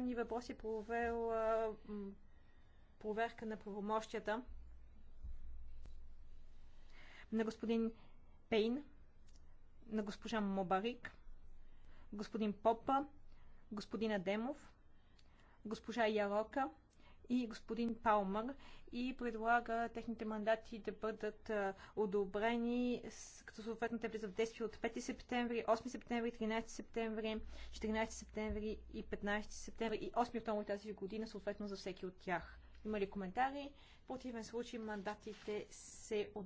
правни въпрос е провел проверка на правомощията на господин Пейн, на госпожа Мобарик, господин Попа, господин Адемов, госпожа Ярока, и господин Палмър и предлага техните мандати да бъдат одобрени, като съответно те влизат в действие от 5 септември, 8 септември, 13 септември, 14 септември и 15 септември и 8 октомври тази година, съответно за всеки от тях. Има ли коментари? В противен случай мандатите се одобряват.